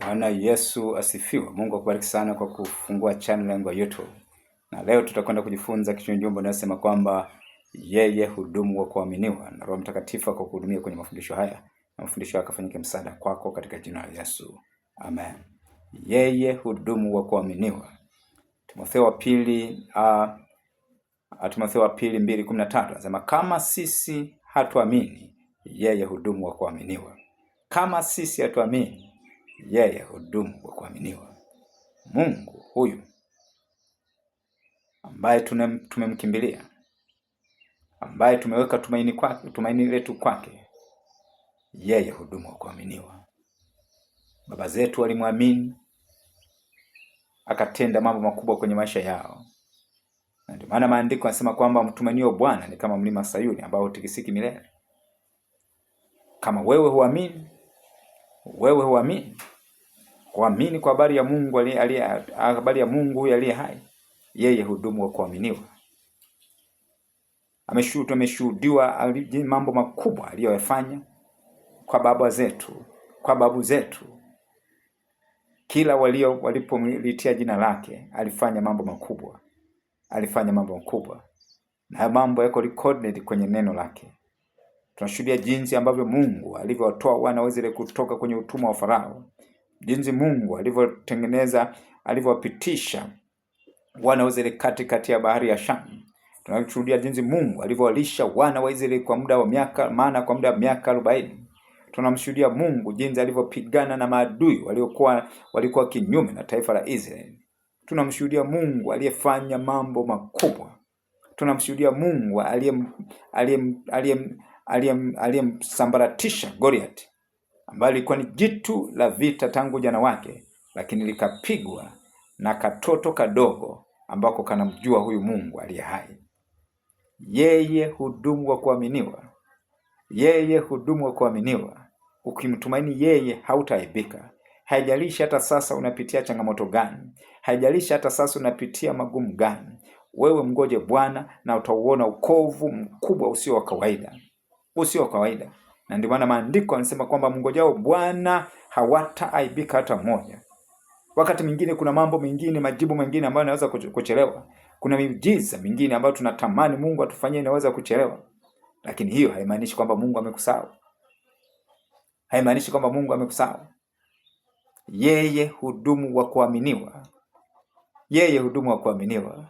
Bwana Yesu asifiwe. Mungu akubariki sana kwa kufungua channel yangu ya YouTube. Na leo tutakwenda kujifunza kichwa jumbo inayosema kwamba yeye hudumu wa kuaminiwa na Roho Mtakatifu kwa kuhudumia kwenye mafundisho haya. Na mafundisho haya kafanyike msaada kwako katika jina la Yesu. Amen. Yeye hudumu wa kuaminiwa. Timotheo wa pili uh, Timotheo wa pili 2:13 anasema kama sisi hatuamini, yeye hudumu wa kuaminiwa. Kama sisi hatuamini yeye hudumu kwa kuaminiwa. Mungu huyu ambaye tumemkimbilia, ambaye tumeweka tumaini kwake, tumaini letu kwake, yeye hudumu kwa kuaminiwa. Baba zetu walimwamini akatenda mambo makubwa kwenye maisha yao, na ndio maana maandiko yanasema kwamba mtumainio Bwana ni kama mlima Sayuni ambao hutikisiki milele. Kama wewe huamini wewe huamini? Huamini kwa habari ya Mungu aliye habari ya Mungu huyo aliye hai, yeye hudumu wa kuaminiwa. Ameshuhudiwa, ameshuhudiwa mambo makubwa aliyoyafanya kwa baba zetu, kwa babu zetu. Kila walio walipomlitia jina lake alifanya mambo makubwa, alifanya mambo makubwa, na mambo yako recorded kwenye neno lake. Tunashuhudia jinsi ambavyo Mungu alivyowatoa wana wa Israeli kutoka kwenye utumwa wa Farao, jinsi Mungu alivyotengeneza, alivyowapitisha wana wa Israeli kati ya bahari ya Shamu. Tunashuhudia jinsi Mungu alivyowalisha wana wa Israeli kwa muda wa miaka maana kwa muda wa miaka arobaini. Tunamshuhudia Mungu jinsi alivyopigana na maadui waliokuwa walikuwa kinyume na taifa la Israeli. Tunamshuhudia Mungu aliyefanya mambo makubwa. Tunamshuhudia Mungu aliyem, aliyem, aliyemsambaratisha Goliath ambaye ilikuwa ni jitu la vita tangu ujana wake, lakini likapigwa na katoto kadogo ambako kanamjua huyu Mungu aliye hai. Yeye hudumu wa kuaminiwa, yeye hudumu wa kuaminiwa. Ukimtumaini yeye hautaaibika. Haijalishi hata sasa unapitia changamoto gani, haijalishi hata sasa unapitia magumu gani, wewe mngoje Bwana na utauona ukovu mkubwa usio wa kawaida usio kawaida, na ndio maana maandiko anasema kwamba mngojao Bwana hawataaibika hata mmoja. Wakati mwingine kuna mambo mengine, majibu mengine ambayo yanaweza kuchelewa. Kuna miujiza mingine ambayo tunatamani Mungu atufanyie, inaweza kuchelewa, lakini hiyo haimaanishi kwamba Mungu amekusahau, haimaanishi kwamba Mungu amekusahau. Yeye hudumu wa kuaminiwa, yeye hudumu wa kuaminiwa.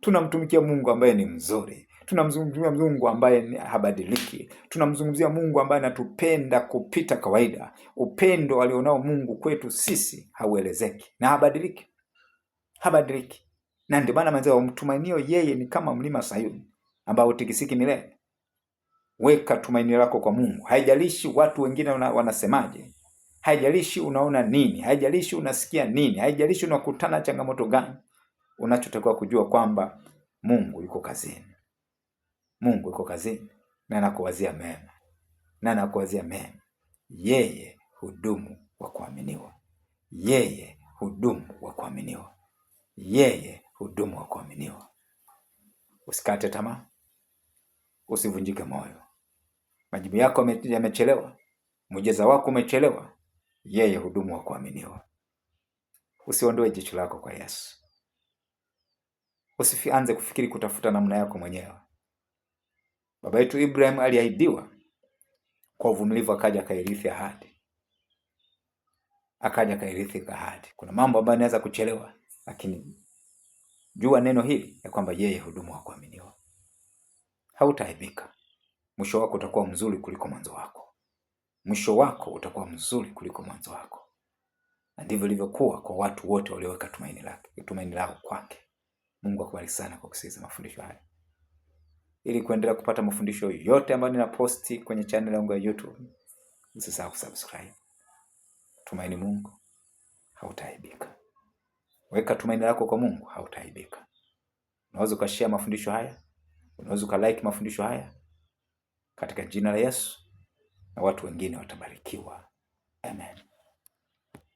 Tunamtumikia Mungu ambaye ni mzuri, tunamzungumzia Mungu ambaye habadiliki, tunamzungumzia Mungu ambaye anatupenda kupita kawaida. Upendo alionao Mungu kwetu sisi hauelezeki na habadiliki, habadiliki. Na ndio maana mzee, wamtumainio yeye ni kama mlima Sayuni ambao utikisiki milele. Weka tumaini lako kwa Mungu, haijalishi watu wengine wanasemaje, haijalishi unaona nini, haijalishi unasikia nini, haijalishi unakutana changamoto gani. Unachotakiwa kujua kwamba Mungu yuko kazini. Mungu yuko kazini na anakuwazia mema, na anakuwazia mema. Yeye hudumu wa kuaminiwa, yeye hudumu wa kuaminiwa, yeye hudumu wa kuaminiwa. Usikate tamaa, usivunjike moyo. Majibu yako yamechelewa, muujiza wako umechelewa. Yeye hudumu wa kuaminiwa. Usiondoe jicho lako kwa Yesu. Usianze kufikiri kutafuta namna yako mwenyewe. Baba yetu Ibrahim aliahidiwa, kwa uvumilivu akaja akairithi ahadi, akaja akairithi ahadi. Kuna mambo ambayo yanaweza kuchelewa, lakini jua neno hili ya kwamba yeye hudumu wa kuaminiwa. Hautaaibika, mwisho wako utakuwa mzuri kuliko mwanzo wako, mwisho wako utakuwa mzuri kuliko mwanzo wako. Na ndivyo ilivyokuwa kwa watu wote walioweka tumaini lake tumaini lao kwake. Mungu akubariki sana kwa kusikiliza mafundisho haya ili kuendelea kupata mafundisho yote ambayo ninaposti kwenye channel yangu ya YouTube. Usisahau kusubscribe. Tumaini Mungu, hautaaibika. Weka tumaini lako kwa Mungu, hautaaibika. Unaweza ukashare mafundisho haya, unaweza ukalike mafundisho haya katika jina la Yesu, na watu wengine watabarikiwa. Amen.